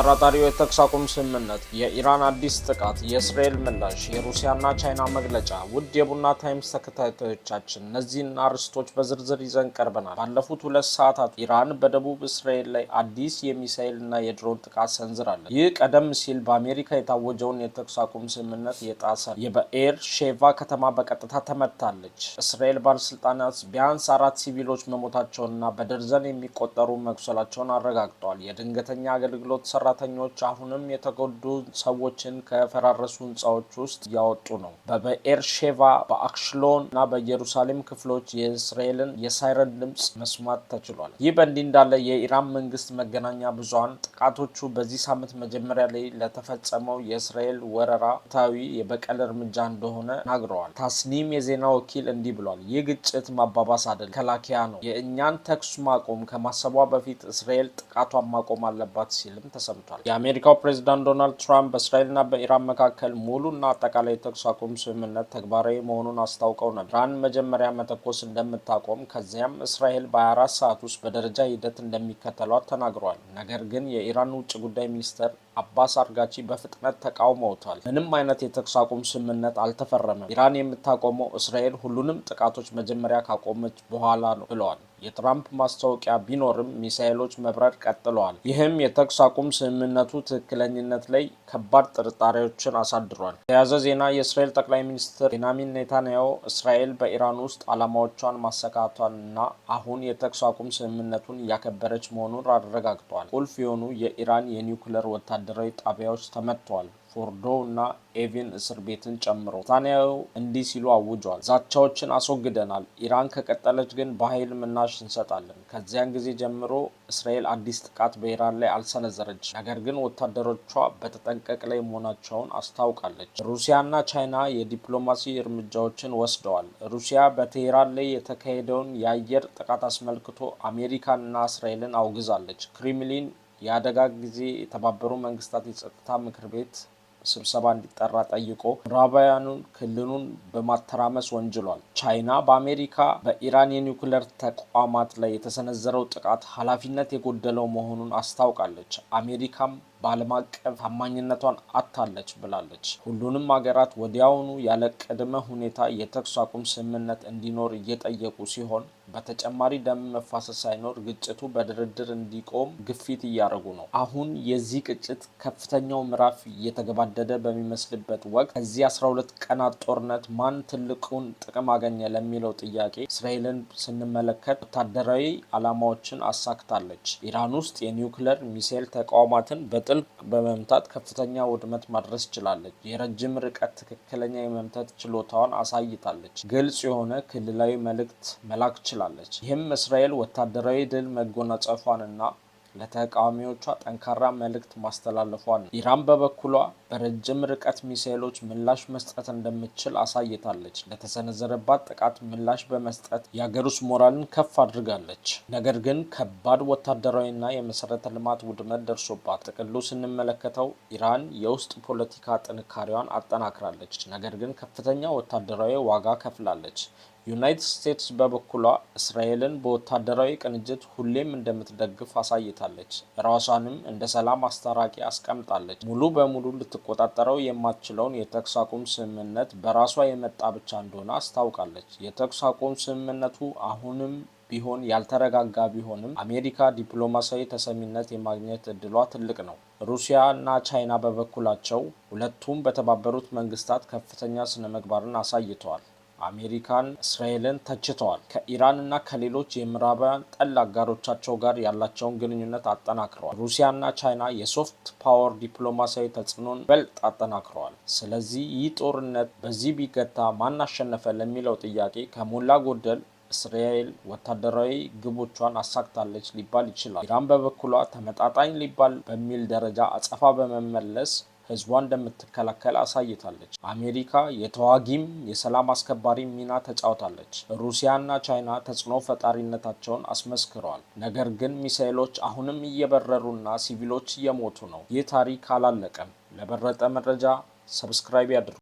ተጠራጣሪው የተኩስ አቁም ስምምነት፣ የኢራን አዲስ ጥቃት፣ የእስራኤል ምላሽ፣ የሩሲያና ቻይና መግለጫ። ውድ የቡና ታይምስ ተከታታዮቻችን እነዚህን አርዕስቶች በዝርዝር ይዘን ቀርበናል። ባለፉት ሁለት ሰዓታት ኢራን በደቡብ እስራኤል ላይ አዲስ የሚሳይልና የድሮን ጥቃት ሰንዝራለች። ይህ ቀደም ሲል በአሜሪካ የታወጀውን የተኩስ አቁም ስምምነት የጣሰ የበኤር ሼቫ ከተማ በቀጥታ ተመታለች። እስራኤል ባለስልጣናት ቢያንስ አራት ሲቪሎች መሞታቸውንና በደርዘን የሚቆጠሩ መቁሰላቸውን አረጋግጠዋል። የድንገተኛ አገልግሎት ሰራ ሰራተኞች አሁንም የተጎዱ ሰዎችን ከፈራረሱ ህንፃዎች ውስጥ እያወጡ ነው። በበኤርሼቫ በአክሽሎን እና በኢየሩሳሌም ክፍሎች የእስራኤልን የሳይረን ድምፅ መስማት ተችሏል። ይህ በእንዲህ እንዳለ የኢራን መንግስት መገናኛ ብዙኃን ጥቃቶቹ በዚህ ሳምንት መጀመሪያ ላይ ለተፈጸመው የእስራኤል ወረራ ታዊ የበቀል እርምጃ እንደሆነ ናግረዋል። ታስኒም የዜና ወኪል እንዲህ ብሏል። ይህ ግጭት ማባባስ አይደለም፣ ከላኪያ ነው። የእኛን ተኩስ ማቆም ከማሰቧ በፊት እስራኤል ጥቃቷን ማቆም አለባት ሲልም ተሰ ተሰምቷል። የአሜሪካው ፕሬዚዳንት ዶናልድ ትራምፕ በእስራኤልና በኢራን መካከል ሙሉና አጠቃላይ የተኩስ አቁም ስምምነት ተግባራዊ መሆኑን አስታውቀው ነበር። ኢራን መጀመሪያ መተኮስ እንደምታቆም ከዚያም እስራኤል በ24 ሰዓት ውስጥ በደረጃ ሂደት እንደሚከተሏት ተናግረዋል። ነገር ግን የኢራን ውጭ ጉዳይ ሚኒስተር አባስ አርጋቺ በፍጥነት ተቃውመውታል። ምንም አይነት የተኩስ አቁም ስምምነት አልተፈረመም። ኢራን የምታቆመው እስራኤል ሁሉንም ጥቃቶች መጀመሪያ ካቆመች በኋላ ነው ብለዋል። የትራምፕ ማስታወቂያ ቢኖርም ሚሳኤሎች መብረር ቀጥለዋል። ይህም የተኩስ አቁም ስምምነቱ ትክክለኝነት ላይ ከባድ ጥርጣሬዎችን አሳድሯል። ተያዘ ዜና የእስራኤል ጠቅላይ ሚኒስትር ቤንያሚን ኔታንያሁ እስራኤል በኢራን ውስጥ ዓላማዎቿን ማሰካቷንና አሁን የተኩስ አቁም ስምምነቱን እያከበረች መሆኑን አረጋግጧል። ቁልፍ የሆኑ የኢራን የኒውክለር ወታደራዊ ጣቢያዎች ተመትተዋል። ፎርዶ እና ኤቪን እስር ቤትን ጨምሮ ታንያው እንዲህ ሲሉ አውጇል። ዛቻዎችን አስወግደናል። ኢራን ከቀጠለች ግን በኃይል ምናሽ እንሰጣለን። ከዚያን ጊዜ ጀምሮ እስራኤል አዲስ ጥቃት በኢራን ላይ አልሰነዘረች፣ ነገር ግን ወታደሮቿ በተጠንቀቅ ላይ መሆናቸውን አስታውቃለች። ሩሲያና ቻይና የዲፕሎማሲ እርምጃዎችን ወስደዋል። ሩሲያ በቴህራን ላይ የተካሄደውን የአየር ጥቃት አስመልክቶ አሜሪካንና እስራኤልን አውግዛለች። ክሪምሊን የአደጋ ጊዜ የተባበሩ መንግስታት የጸጥታ ምክር ቤት ስብሰባ እንዲጠራ ጠይቆ ምዕራባውያኑን ክልሉን በማተራመስ ወንጅሏል። ቻይና በአሜሪካ በኢራን የኒውክሌር ተቋማት ላይ የተሰነዘረው ጥቃት ኃላፊነት የጎደለው መሆኑን አስታውቃለች። አሜሪካም በዓለም አቀፍ ታማኝነቷን አታለች ብላለች። ሁሉንም ሀገራት ወዲያውኑ ያለ ቅድመ ሁኔታ የተኩስ አቁም ስምምነት እንዲኖር እየጠየቁ ሲሆን በተጨማሪ ደም መፋሰስ ሳይኖር ግጭቱ በድርድር እንዲቆም ግፊት እያደረጉ ነው። አሁን የዚህ ግጭት ከፍተኛው ምዕራፍ እየተገባደደ በሚመስልበት ወቅት ከዚህ 12 ቀናት ጦርነት ማን ትልቁን ጥቅም አገኘ ለሚለው ጥያቄ እስራኤልን ስንመለከት ወታደራዊ ዓላማዎችን አሳክታለች። ኢራን ውስጥ የኒውክለር ሚሳኤል ተቋማትን በጥ ጥልቅ በመምታት ከፍተኛ ውድመት ማድረስ ችላለች። የረጅም ርቀት ትክክለኛ የመምታት ችሎታዋን አሳይታለች። ግልጽ የሆነ ክልላዊ መልእክት መላክ ችላለች። ይህም እስራኤል ወታደራዊ ድል መጎናጸፏንና ለተቃዋሚዎቿ ጠንካራ መልእክት ማስተላለፏል። ኢራን በበኩሏ በረጅም ርቀት ሚሳይሎች ምላሽ መስጠት እንደምትችል አሳይታለች። ለተሰነዘረባት ጥቃት ምላሽ በመስጠት የአገር ውስጥ ሞራልን ከፍ አድርጋለች። ነገር ግን ከባድ ወታደራዊና የመሰረተ ልማት ውድመት ደርሶባት፣ ጥቅሉ ስንመለከተው ኢራን የውስጥ ፖለቲካ ጥንካሬዋን አጠናክራለች። ነገር ግን ከፍተኛ ወታደራዊ ዋጋ ከፍላለች። ዩናይትድ ስቴትስ በበኩሏ እስራኤልን በወታደራዊ ቅንጅት ሁሌም እንደምትደግፍ አሳይታለች፣ ራሷንም እንደ ሰላም አስታራቂ አስቀምጣለች። ሙሉ በሙሉ ልትቆጣጠረው የማትችለውን የተኩስ አቁም ስምምነት በራሷ የመጣ ብቻ እንደሆነ አስታውቃለች። የተኩስ አቁም ስምምነቱ አሁንም ቢሆን ያልተረጋጋ ቢሆንም አሜሪካ ዲፕሎማሲያዊ ተሰሚነት የማግኘት እድሏ ትልቅ ነው። ሩሲያ እና ቻይና በበኩላቸው ሁለቱም በተባበሩት መንግስታት ከፍተኛ ስነ ምግባርን አሳይተዋል። አሜሪካን፣ እስራኤልን ተችተዋል። ከኢራንና ከሌሎች የምዕራባውያን ጠል አጋሮቻቸው ጋር ያላቸውን ግንኙነት አጠናክረዋል። ሩሲያና ቻይና የሶፍት ፓወር ዲፕሎማሲያዊ ተጽዕኖን በልጥ አጠናክረዋል። ስለዚህ ይህ ጦርነት በዚህ ቢገታ ማን አሸነፈ ለሚለው ጥያቄ ከሞላ ጎደል እስራኤል ወታደራዊ ግቦቿን አሳክታለች ሊባል ይችላል። ኢራን በበኩሏ ተመጣጣኝ ሊባል በሚል ደረጃ አጸፋ በመመለስ ህዝቧ እንደምትከላከል አሳይታለች። አሜሪካ የተዋጊም የሰላም አስከባሪ ሚና ተጫውታለች። ሩሲያና ቻይና ተጽዕኖ ፈጣሪነታቸውን አስመስክረዋል። ነገር ግን ሚሳይሎች አሁንም እየበረሩና ሲቪሎች እየሞቱ ነው። ይህ ታሪክ አላለቀም። ለበረጠ መረጃ ሰብስክራይብ ያድርጉ።